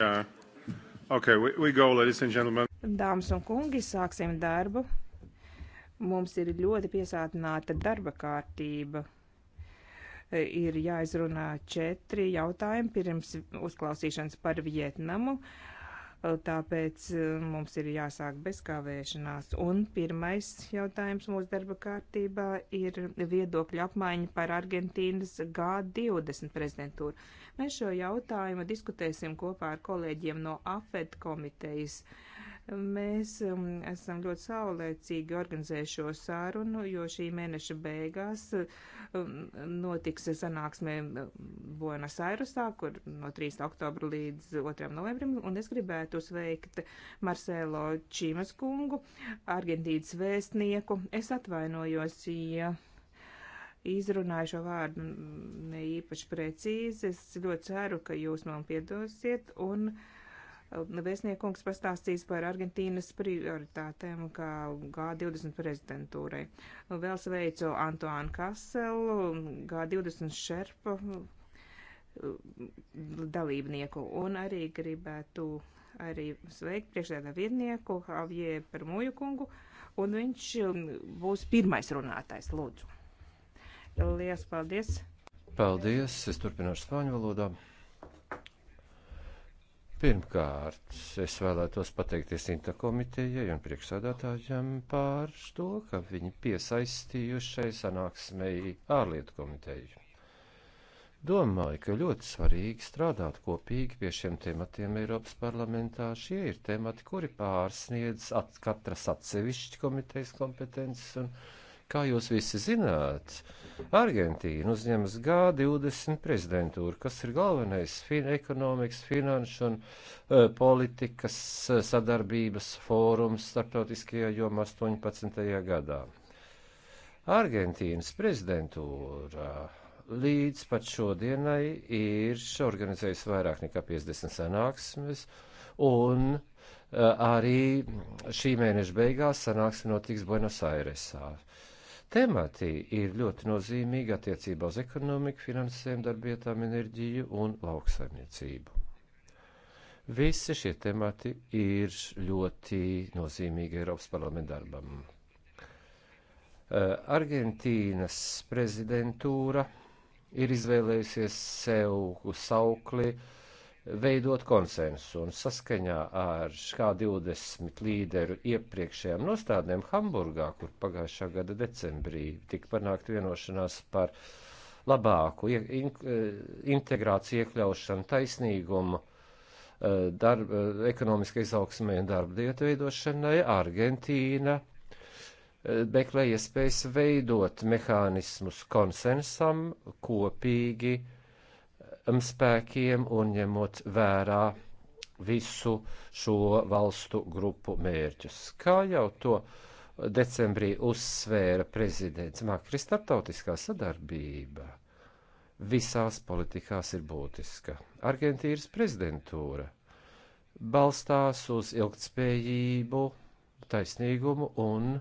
Uh, okay, we, we go, ladies and gentlemen. Dāmas un kungi, sāksim darbu. Mums ir ļoti piesātināta darba kārtība. Ir jāizrunā četri jautājumi pirms uzklausīšanas par Vietnamu. Uh, tāpēc mums ir jāsāk bez kavēšanās. Un pirmais jautājums mūsu darba kārtībā ir viedokļa apmaiņa par Argentīnas G20 prezidentūru. Mēs šo jautājumu diskutēsim kopā ar kolēģiem no AFED komitejas. Uh, Mēs um, esam ļoti saulēcīgi organizējuši šo sārunu, jo šī mēneša beigās um, notiks sanāksme um, Buenos Airesā, kur no 3. oktobra līdz 2. novembrim, un es gribētu sveikt Marcelo Čīmas kungu, Argentīnas vēstnieku. Es atvainojos, ja izrunāju šo vārdu ne īpaši precīzi. Es ļoti ceru, ka jūs man piedosiet. Un, uh, Vēstniekungs pastāstīs par Argentīnas prioritātēm kā G20 prezidentūrai. Vēl sveicu Antoānu Kaselu, G20 šerpa dalībnieku un arī gribētu arī sveikt priekšsēdā vietnieku Havie Permuju kungu un viņš būs pirmais runātājs, lūdzu. Lielas paldies! Paldies! Es turpināšu spāņu valodā. Pirmkārt, es vēlētos pateikties Inta komitejai un priekšsādātājiem par to, ka viņi piesaistījušai sanāksmei ārlietu komiteju. Domāju, ka ļoti svarīgi strādāt kopīgi pie šiem tematiem Eiropas parlamentā. Šie ir temati, kuri pārsniedz at katras atsevišķi komitejas kompetences un kompetences Kā jūs visi zināt, Argentīna uzņemas G20 prezidentūru, kas ir galvenais fin ekonomikas, finanšu un uh, politikas eh, sadarbības fórums starptautiskajā jomā 18. gadā. Argentīnas prezidentūra līdz pat šodienai ir organizējusi vairāk nekā 50 sanāksmes un uh, arī šī mēneša beigās sanāksme notiks Buenos Airesā. Uh, temati ir ļoti nozīmīgi attiecībā uz ekonomiku, finansēm, darbietām, enerģiju un lauksaimniecību. Visi šie temati ir ļoti nozīmīgi Eiropas parlamenta darbam. Eh, Argentīnas prezidentūra ir izvēlējusies sev saukli uh, veidot konsensu un saskaņā ar K20 līderu iepriekšējām nostādnēm Hamburgā, kur pagājušā gada decembrī tika panākt vienošanās par labāku in e, integrāciju, iekļaušanu, taisnīgumu, e, darba, e, ekonomiskai izaugsmē un darba vietu veidošanai, Argentīna meklē iespējas veidot mehānismus konsensam kopīgi Um, spēkiem un ņemot vērā visu šo valstu grupu mērķus. Kā jau to decembrī uzsvēra prezidents Makri, starptautiskā sadarbība visās politikās ir būtiska. Argentīras prezidentūra balstās uz ilgtspējību, taisnīgumu un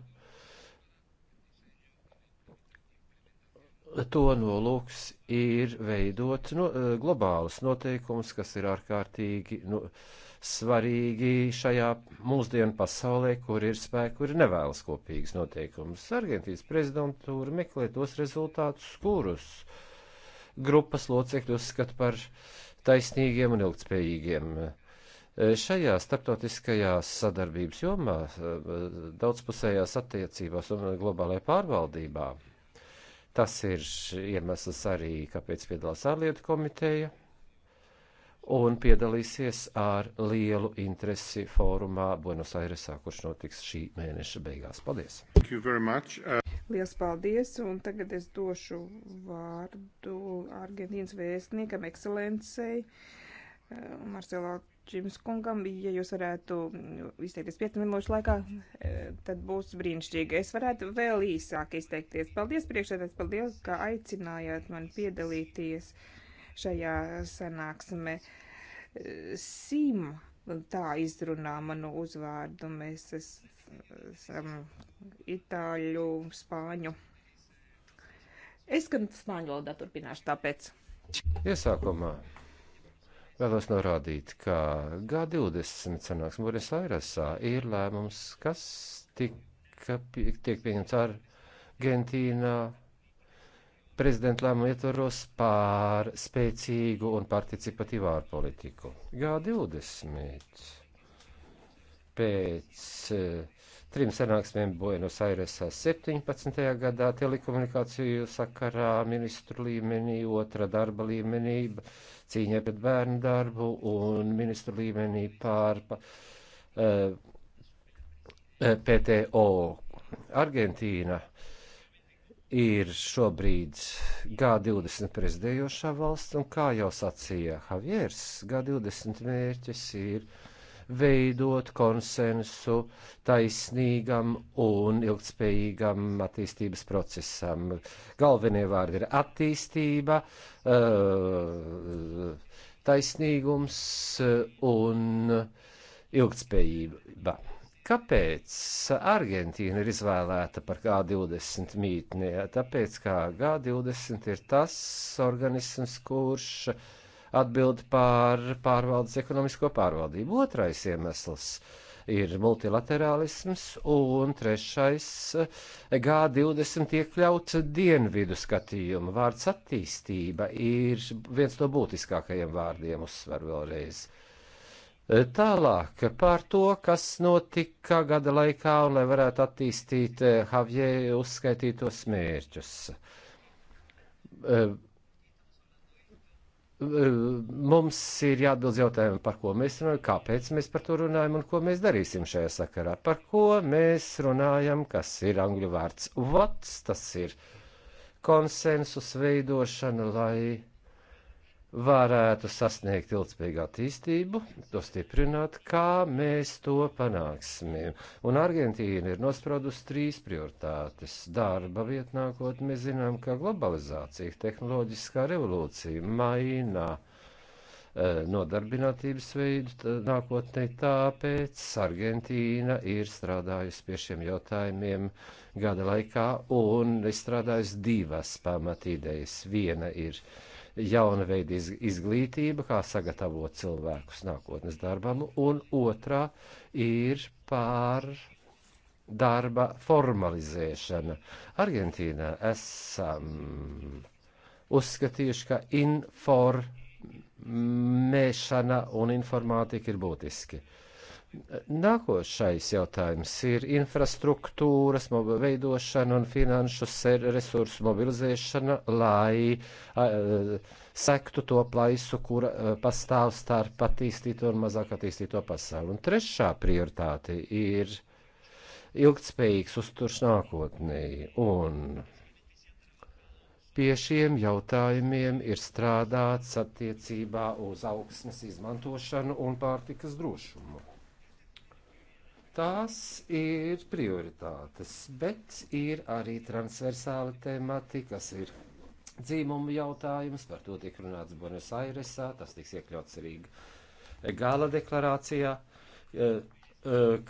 to nolūks ir veidot no, e, globālus noteikumus, kas ir ārkārtīgi no, nu, svarīgi šajā mūsdienu pasaulē, kur ir spēki, kur ir nevēlas kopīgas noteikumus. Argentīnas prezidentūra meklē tos rezultātus, kurus grupas locekļi uzskata par taisnīgiem un ilgtspējīgiem. E, šajā starptautiskajās sadarbības jomā, e, daudzpusējās attiecībās un globālajā pārvaldībā Tas ir iemesls arī, kāpēc piedalās ārlietu komiteja un piedalīsies ar lielu interesi fórumā Buenos Airesā, kurš notiks šī mēneša beigās. Paldies! Uh... Lielas paldies! Un tagad es došu vārdu Argentīnas vēstniekam, ekscelencei uh, Marcelo Džims kungam, ja jūs varētu izteikties 5 minūšu laikā, eh, tad būs brīnišķīgi. Es varētu vēl īsāk izteikties. Paldies priekšētājs, paldies, ka aicinājāt man piedalīties šajā sanāksmē. Sim tā izrunā manu uzvārdu. Mēs esam itāļu, spāņu. Es gan spāņu valodā turpināšu tāpēc. Iesākumā Vēlos norādīt, ka G20 sanāksme Buenos Airesā ir lēmums, kas tika, tiek pieņemts Argentīnā prezidenta lēmuma ietvaros pār spēcīgu un participatīvu ārpolitiku. G20 pēc uh, trim sanāksmēm Buenos Airesā 17. gadā telekomunikāciju sakarā ministru līmenī, otra darba līmenī, cīņa pret bērnu darbu un ministru līmenī pārpa uh, eh, PTO. Argentīna ir šobrīd G20 prezidējošā valsts, un kā jau sacīja Javiers, G20 mērķis ir veidot konsensu taisnīgam un ilgspējīgam attīstības procesam. Galvenie vārdi ir attīstība, eh, taisnīgums eh, un ilgspējība. Kāpēc Argentīna ir izvēlēta par G20 mītnē? Tāpēc, kā G20 ir tas organisms, kurš uh, atbild pār pārvaldes ekonomisko pārvaldību. Otrais iemesls ir multilaterālisms, un trešais G20 iekļauts dienvidu skatījumu. Vārds attīstība ir viens no būtiskākajiem vārdiem, uzsver vēlreiz. Tālāk par to, kas notika gada laikā un lai varētu attīstīt Havjē eh, uzskaitītos mērķus eh, mums ir jāatbild jautājumu, par ko mēs runājam, kāpēc mēs par to runājam un ko mēs darīsim šajā sakarā. Par ko mēs runājam, kas ir angļu vārds what's, tas ir konsensus veidošana, lai varētu sasniegt ilgspējīgu attīstību, to stiprināt, kā mēs to panāksim. Un Argentīna ir nospraudusi trīs prioritātes - darba vieta nākotnē. Mēs zinām, ka globalizācija, tehnoloģiskā revolūcija maina e, nodarbinātības veidu nākotnē, tāpēc Argentīna ir strādājusi pie šiem jautājumiem gada laikā un izstrādājusi divas pamatīdējas. Viena ir uh, jauna veida izglītība, kā sagatavot cilvēkus nākotnes darbam, un otrā ir pār darba formalizēšana. Argentīnā esam uzskatījuši, ka informēšana un informātika ir būtiski. Uh, Nākošais jautājums ir infrastruktūras veidošana un finanšu resursu mobilizēšana, lai uh, sektu to plaisu, kura uh, pastāv starp attīstīto un mazāk attīstīto pasauli. Un trešā prioritāte ir ilgtspējīgs uzturs nākotnē. Un pie šiem jautājumiem ir strādāts attiecībā uz augsnes izmantošanu un pārtikas drošumu. Tās ir prioritātes, bet ir arī transversāla temati, kas ir dzīmumu jautājums. Par to tiek runāts Buenos Airesā, tas tiks iekļauts arī gala deklarācijā, e, e,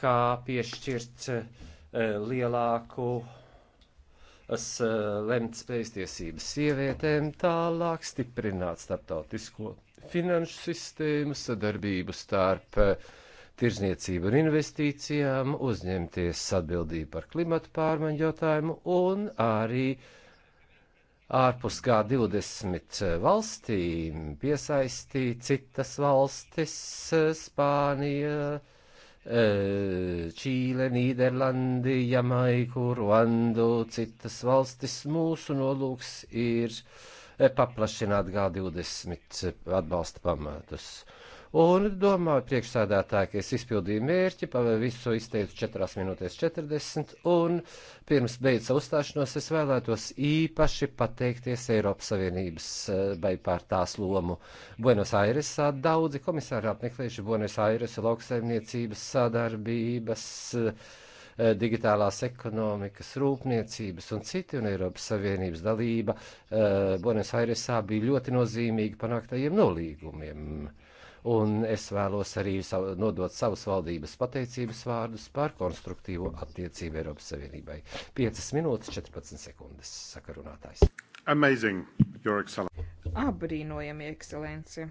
kā piešķirt e, lielāku lemtspējas tiesības sievietēm, tālāk stiprināt starptautisko finanšu sistēmu, sadarbību starp uh, tirzniecību un investīcijām, uzņemties atbildību par klimatu pārmaiņu jautājumu un arī ārpus kā 20 eh, valstīm piesaistīt citas valstis eh, - Spānija, eh, Čīle, Nīderlandi, Jamaiku, Ruandu, citas valstis. Mūsu nolūks ir paplašināt G20 atbalsta pamatus. Un domāju, priekšsādātāji, ka es izpildīju mērķi, visu izteicu 4 minūtēs 40, un pirms beidz uzstāšanos es vēlētos īpaši pateikties Eiropas Savienības eh, vai pār tās lomu. Buenos Airesā daudzi komisāri apmeklējuši Buenos Aires lauksaimniecības sadarbības eh, digitālās ekonomikas, rūpniecības un citi un Eiropas Savienības dalība uh, Buenos Airesā bija ļoti nozīmīga panāktajiem nolīgumiem. Uh, un es vēlos arī savu, nodot savus valdības pateicības vārdus par konstruktīvo attiecību Eiropas Savienībai. 5 minūtes 14 sekundes, saka runātājs. Amazing, your excellency. Abrīnojami, ekscelenci.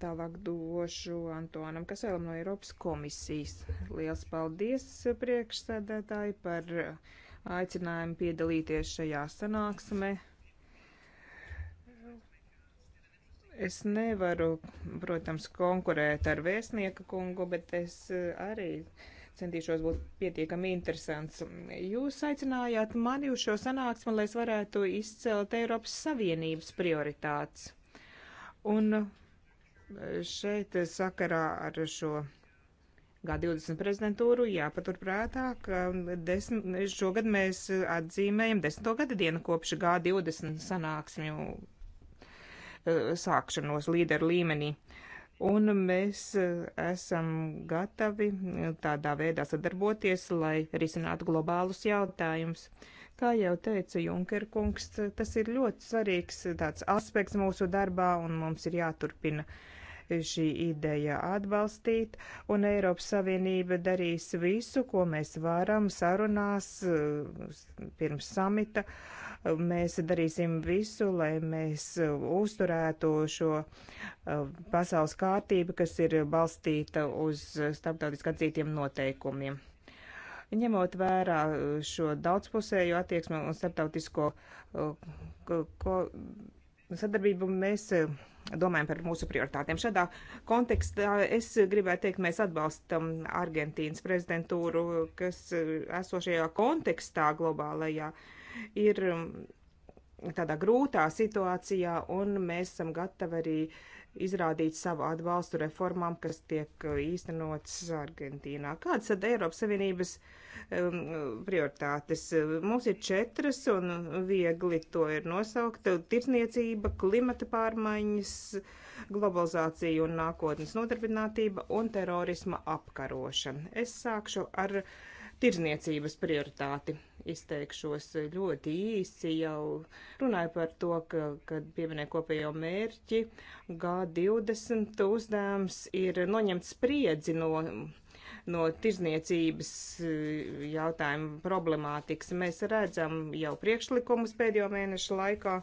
Tālāk došu Antonam Kaselam no Eiropas komisijas. Liels paldies priekšsēdētāji par aicinājumu piedalīties šajā sanāksmē. Es nevaru, protams, konkurēt ar vēstnieku kungu, bet es eh, arī centīšos būt pietiekami interesants. Jūs aicinājāt mani uz šo sanāksmi, lai es varētu izcelt Eiropas Savienības prioritātes. Un eh, šeit sakarā ar šo G20 prezidentūru jāpaturprātā, ka desmit, šogad mēs atzīmējam desmito gada dienu kopš G20 sanāksmju Eh, sākšanos līderu līmenī. Un mēs eh, esam gatavi eh, tādā veidā sadarboties, lai risinātu globālus jautājumus. Kā jau teica Junker kungs, tas ir ļoti svarīgs tāds aspekts mūsu darbā, un mums ir jāturpina uh, šī ideja atbalstīt, un Eiropas Savienība darīs visu, ko mēs varam sarunās eh, pirms samita. Mēs darīsim visu, lai mēs uzturētu šo eh, pasaules kārtību, kas ir balstīta uz starptautiski atzītiem noteikumiem ņemot vērā šo daudzpusējo attieksmi un starptautisko eh, ko, ko, sadarbību mēs eh, domājam par mūsu prioritātēm. Šādā kontekstā es gribētu teikt, mēs atbalstam Argentīnas prezidentūru, kas eh, esošajā kontekstā globālajā ir mm, tādā grūtā situācijā, un mēs esam gatavi arī izrādīt savu atbalstu reformām, kas tiek eh, īstenotas Argentīnā. Kādas tad Eiropas Savienības uh, Um, prioritātes. Mums ir četras un viegli to ir nosaukt - tirsniecība, klimata pārmaiņas, globalizācija un nākotnes nodarbinātība un terorisma apkarošana. Es sākšu ar tirzniecības prioritāti. Izteikšos ļoti īsi jau runāju par to, ka, kad pieminēju kopējo mērķi, G20 uzdevums ir noņemt spriedzi no no tirzniecības e, jautājumu problemātikas. Mēs redzam jau priekšlikumus pēdējo mēnešu laikā.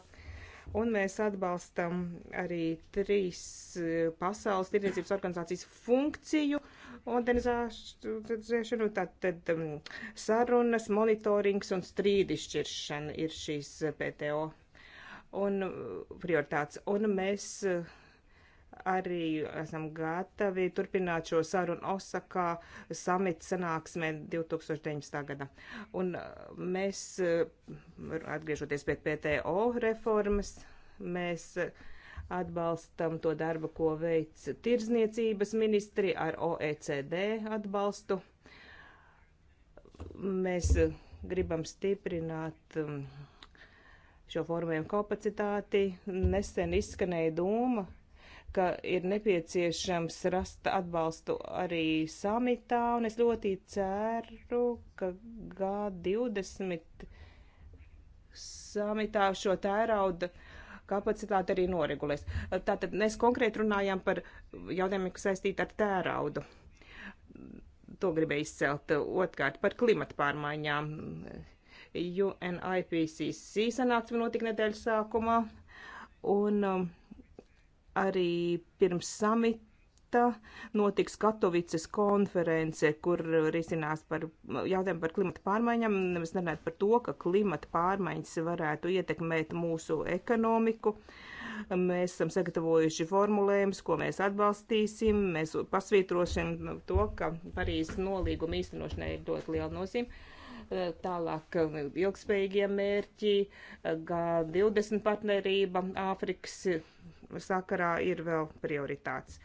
Un mēs atbalstam arī trīs e, pasaules tirdzniecības organizācijas funkciju modernizēšanu. Tātad sarunas, monitorings un strīdišķiršana ir šīs PTO un prioritātes. Un mēs e, arī esam gatavi turpināt šo sarunu Osakā samita sanāksmē 2019. gadā. Un uh, mēs, uh, atgriežoties pie PTO reformas, mēs uh, atbalstam to darbu, ko veic tirzniecības ministri ar OECD atbalstu. Mēs gribam stiprināt um, šo formējumu kapacitāti. Nesen izskanēja doma, ka ir nepieciešams rast atbalstu arī samitā, un es ļoti ceru, ka G20 samitā šo tērauda kapacitāti arī noregulēs. Tātad mēs konkrēti runājām par jautājumiem, kas saistīti ar tēraudu. To gribēju izcelt. Otkārt, par klimata pārmaiņām. UNIPCC sanāksme notika nedēļas sākumā, un um, arī pirms samita notiks Katovicas konference, kur risinās par jautājumu par klimata pārmaiņām, nemaz nerunājot par to, ka klimata pārmaiņas varētu ietekmēt mūsu ekonomiku. Mēs esam sagatavojuši formulējumus, ko mēs atbalstīsim. Mēs pasvītrosim to, ka Parīzes nolīguma īstenošanai ir ļoti liela nozīme tālāk ilgspējīgie mērķi, G20 partnerība, Āfrikas sakarā ir vēl prioritātes.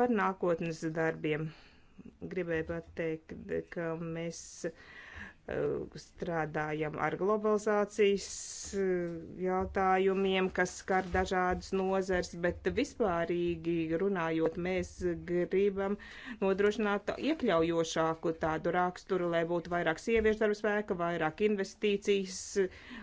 Par nākotnes darbiem gribēju pateikt, ka mēs uh, Eh, strādājam ar globalizācijas eh, jautājumiem, kas skar dažādas nozars, bet vispārīgi runājot, mēs gribam nodrošināt iekļaujošāku tādu raksturu, lai būtu vairāk sieviešu darba spēka, vairāk investīcijas,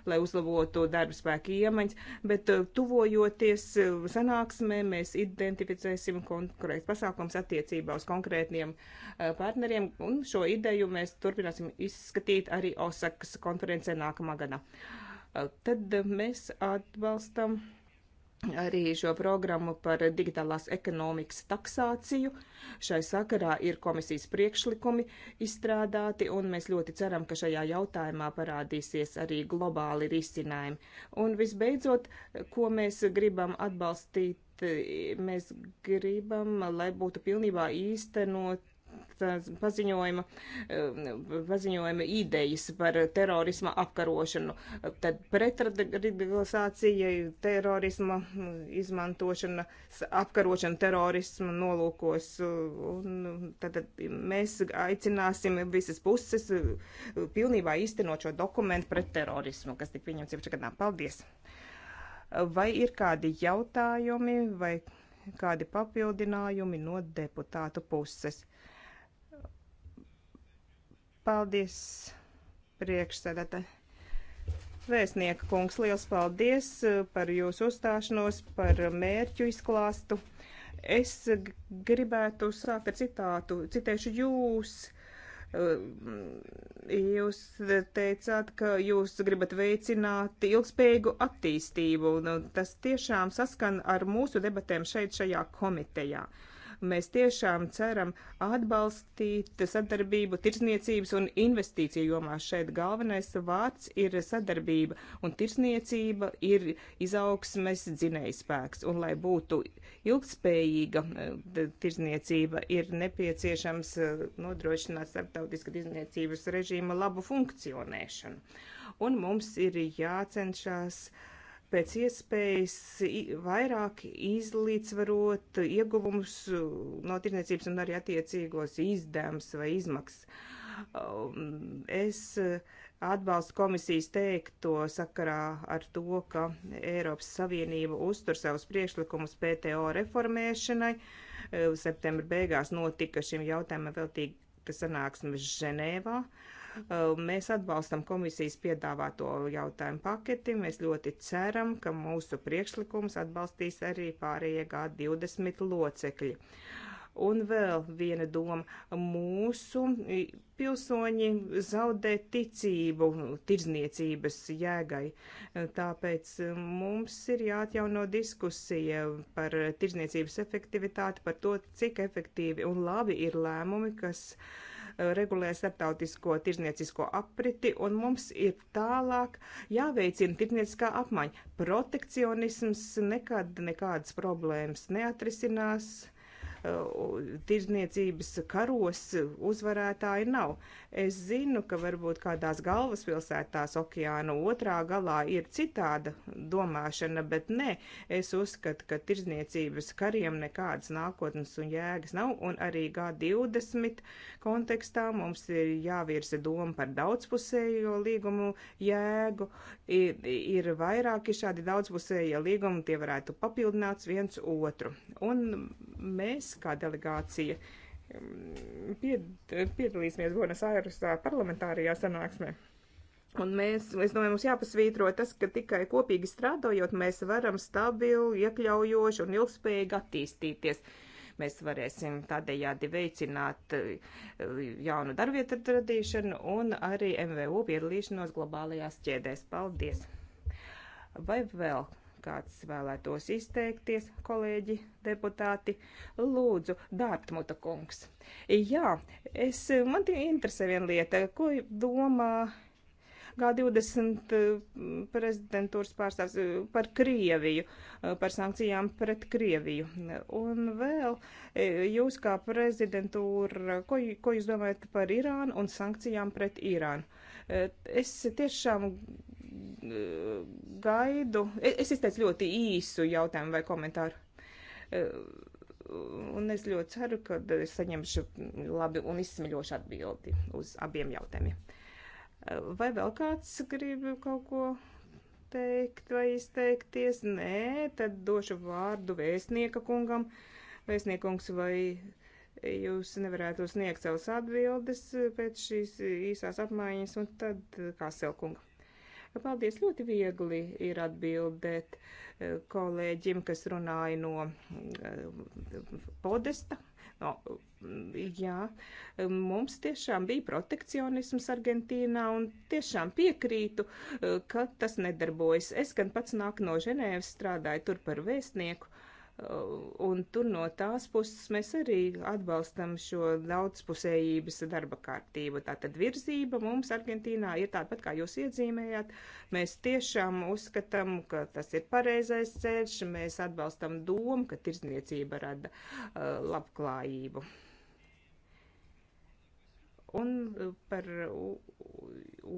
lai uzlabotu darba spēka iemaņas, bet eh, tuvojoties sanāksmē, mēs identificēsim konkrēts pasākums attiecībā uz konkrētiem partneriem, un šo ideju mēs turpināsim izskatīt skatīt arī Osakas konferencē nākamā gadā. Tad mēs atbalstam arī šo programmu par digitālās ekonomikas taksāciju. Šai sakarā ir komisijas priekšlikumi izstrādāti, un mēs ļoti ceram, ka šajā jautājumā parādīsies arī globāli risinājumi. Un visbeidzot, ko mēs gribam atbalstīt, mēs gribam, lai būtu pilnībā īstenot paziņojuma, eh, paziņojuma idejas par terorisma apkarošanu, tad pretradikalizācija, terorisma izmantošana, apkarošana terorisma nolūkos. Un tad mēs aicināsim visas puses eh, pilnībā īstenot šo dokumentu pret terorismu, kas tik pieņemts iepriekšējā gadā. Paldies! Vai ir kādi jautājumi vai kādi papildinājumi no deputātu puses? Paldies, priekšsēdētāji. Vēstnieka kungs, liels paldies eh, par jūsu uzstāšanos, par mērķu izklāstu. Es gribētu sākt ar citātu. Citēšu jūs. Eh, jūs teicāt, ka jūs gribat veicināt ilgspējīgu attīstību, un nu, tas tiešām saskan ar mūsu debatēm šeit, šajā komitejā. Uh, Mēs tiešām ceram atbalstīt sadarbību tirsniecības un investīciju jomā. Šeit galvenais vārds ir sadarbība, un tirsniecība ir izaugsmes dzinējspēks. Un, lai būtu ilgspējīga eh, tirsniecība, ir nepieciešams eh, nodrošināt starptautiska tirsniecības režīma labu funkcionēšanu. Un mums ir jācenšas uh, pēc iespējas vairāk izlīdzvarot ieguvumus no tirniecības un arī attiecīgos izdevums vai izmaksas. Um, es e, atbalstu komisijas teikto sakarā ar to, ka Eiropas Savienība uztur savus priekšlikumus PTO reformēšanai. E, septembra beigās notika šim jautājumam veltīga sanāksme Ženēvā. Uh, Uh, mēs atbalstam komisijas piedāvāto jautājumu paketi. Mēs ļoti ceram, ka mūsu priekšlikums atbalstīs arī pārējie G20 locekļi. Un vēl viena doma. Mūsu pilsoņi zaudē ticību tirzniecības jēgai. Tāpēc mums ir jāatjauno diskusija par tirzniecības efektivitāti, par to, cik efektīvi un labi ir lēmumi, kas uh, regulē starptautisko tirzniecisko apriti, un mums ir tālāk jāveicina tirznieciskā apmaiņa. Protekcionisms nekad nekādas problēmas neatrisinās tirzniecības karos uzvarētāji nav. Es zinu, ka varbūt kādās galvaspilsētās okeāna otrā galā ir citāda domāšana, bet nē, es uzskatu, ka tirzniecības kariem nekādas nākotnes un jēgas nav, un arī G20 kontekstā mums ir jāvirsa doma par daudzpusējo līgumu jēgu. Ir, ir vairāki šādi daudzpusējie līgumi, tie varētu papildināts viens otru. Un mēs mēs kā delegācija mm, pied, piedalīsimies Buenos Airesā parlamentārajā sanāksmē. Un mēs, es domāju, mums jāpasvītro tas, ka tikai kopīgi strādājot, mēs varam stabili, iekļaujoši un ilgspējīgi attīstīties. Mēs varēsim tādējādi veicināt eh, jaunu darbvietu radīšanu un arī MVU piedalīšanos globālajās ķēdēs. Paldies! Vai vēl kāds vēlētos izteikties, kolēģi, deputāti, lūdzu, Dārtmuta kungs. Jā, es, man tie interesē viena lieta, ko domā G20 mm, prezidentūras pārstāvs mm, par Krieviju, mm, par sankcijām pret Krieviju. Un vēl e, jūs kā prezidentūra, ko, ko jūs domājat par Irānu un sankcijām pret Irānu? E, es tiešām Eh, gaidu. E, es izteicu ļoti īsu jautājumu vai komentāru. Eh, un es ļoti ceru, ka es saņemšu labi un izsmeļošu atbildi uz abiem jautājumiem. Eh, vai vēl kāds grib kaut ko teikt vai izteikties? Nē, tad došu vārdu vēstnieka kungam. Vēstniekungs vai jūs nevarētu sniegt savas atbildes pēc šīs īsās apmaiņas un tad kā selkunga. Paldies, ļoti viegli ir atbildēt eh, kolēģim, kas runāja no eh, podesta. No, jā, mums tiešām bija protekcionisms Argentīnā un tiešām piekrītu, eh, ka tas nedarbojas. Es gan pats nāku no Ženēvas, strādāju tur par vēstnieku Un tur no tās puses mēs arī atbalstam šo daudzpusējības darba kārtību. Tātad virzība mums Argentīnā ir tāda pat, kā jūs iezīmējāt. Mēs tiešām uzskatām, ka tas ir pareizais ceļš, mēs atbalstam domu, ka tirzniecība rada uh, labklājību. Un uh, par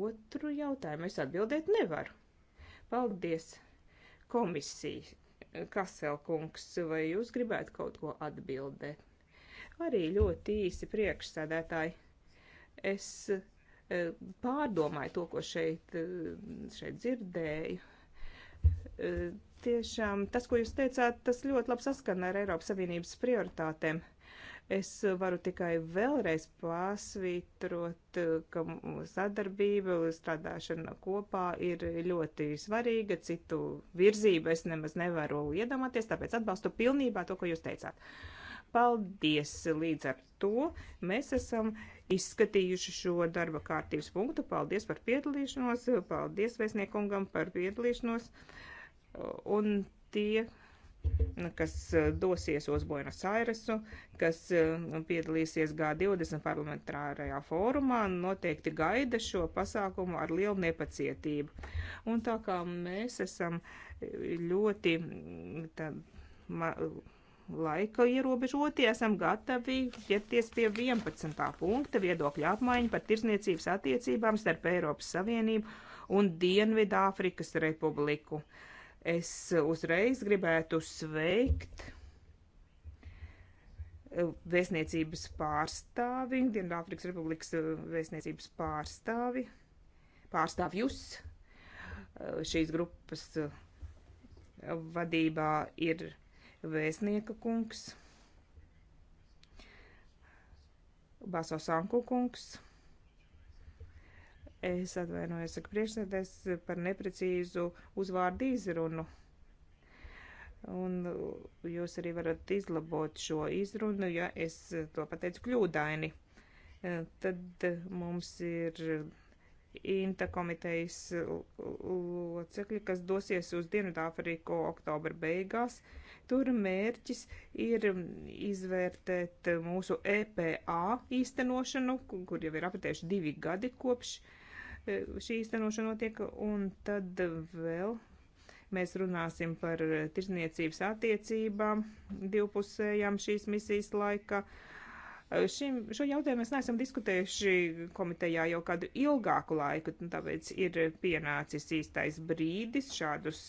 otru jautājumu es atbildēt nevaru. Paldies komisija Kaselkungs, vai jūs gribētu kaut ko atbildēt? Arī ļoti īsi priekšsēdētāji. Es e, pārdomāju to, ko šeit, e, šeit dzirdēju. E, tiešām tas, ko jūs teicāt, tas ļoti labi saskana ar Eiropas Savienības prioritātēm. Es varu tikai vēlreiz pārsvītrot, ka sadarbība, strādāšana kopā ir ļoti svarīga, citu virzību es nemaz nevaru iedomāties, tāpēc atbalstu pilnībā to, ko jūs teicāt. Paldies! Līdz ar to mēs esam izskatījuši šo darba kārtības punktu. Paldies par piedalīšanos, paldies vēstniekungam par piedalīšanos. Un tie, kas eh, dosies uz Buenos Airesu, kas eh, piedalīsies G20 parlamentārajā fórumā, noteikti gaida šo pasākumu ar lielu nepacietību. Un tā kā mēs esam eh, ļoti mm, tā, ma, laika ierobežoti, esam gatavi ķerties pie 11. punkta viedokļa apmaiņa par tirzniecības attiecībām starp Eiropas Savienību un Dienvidāfrikas Republiku. Uh, Es uzreiz gribētu sveikt eh, vēstniecības pārstāvi, Dienvidāfrikas Republikas eh, vēstniecības pārstāvi, pārstāvjus. Eh, šīs grupas vadībā ir vēstnieka kungs, Baso Sanku kungs. Es atvainojos, saka priekšsēdēs par neprecīzu uzvārdu izrunu. Un jūs arī varat izlabot šo izrunu, ja es to pateicu kļūdaini. Tad mums ir Inta komitejas locekļi, kas dosies uz Dienvidāfriku oktobra beigās. Tur mērķis ir izvērtēt mūsu EPA īstenošanu, kur jau ir apritējuši divi gadi kopš uh, E, šī īstenošana notiek, un tad vēl mēs runāsim par tirzniecības attiecībām divpusējām šīs misijas laikā. E, šim, šo jautājumu mēs neesam diskutējuši komitejā jau kādu ilgāku laiku, tāpēc ir pienācis īstais brīdis šādus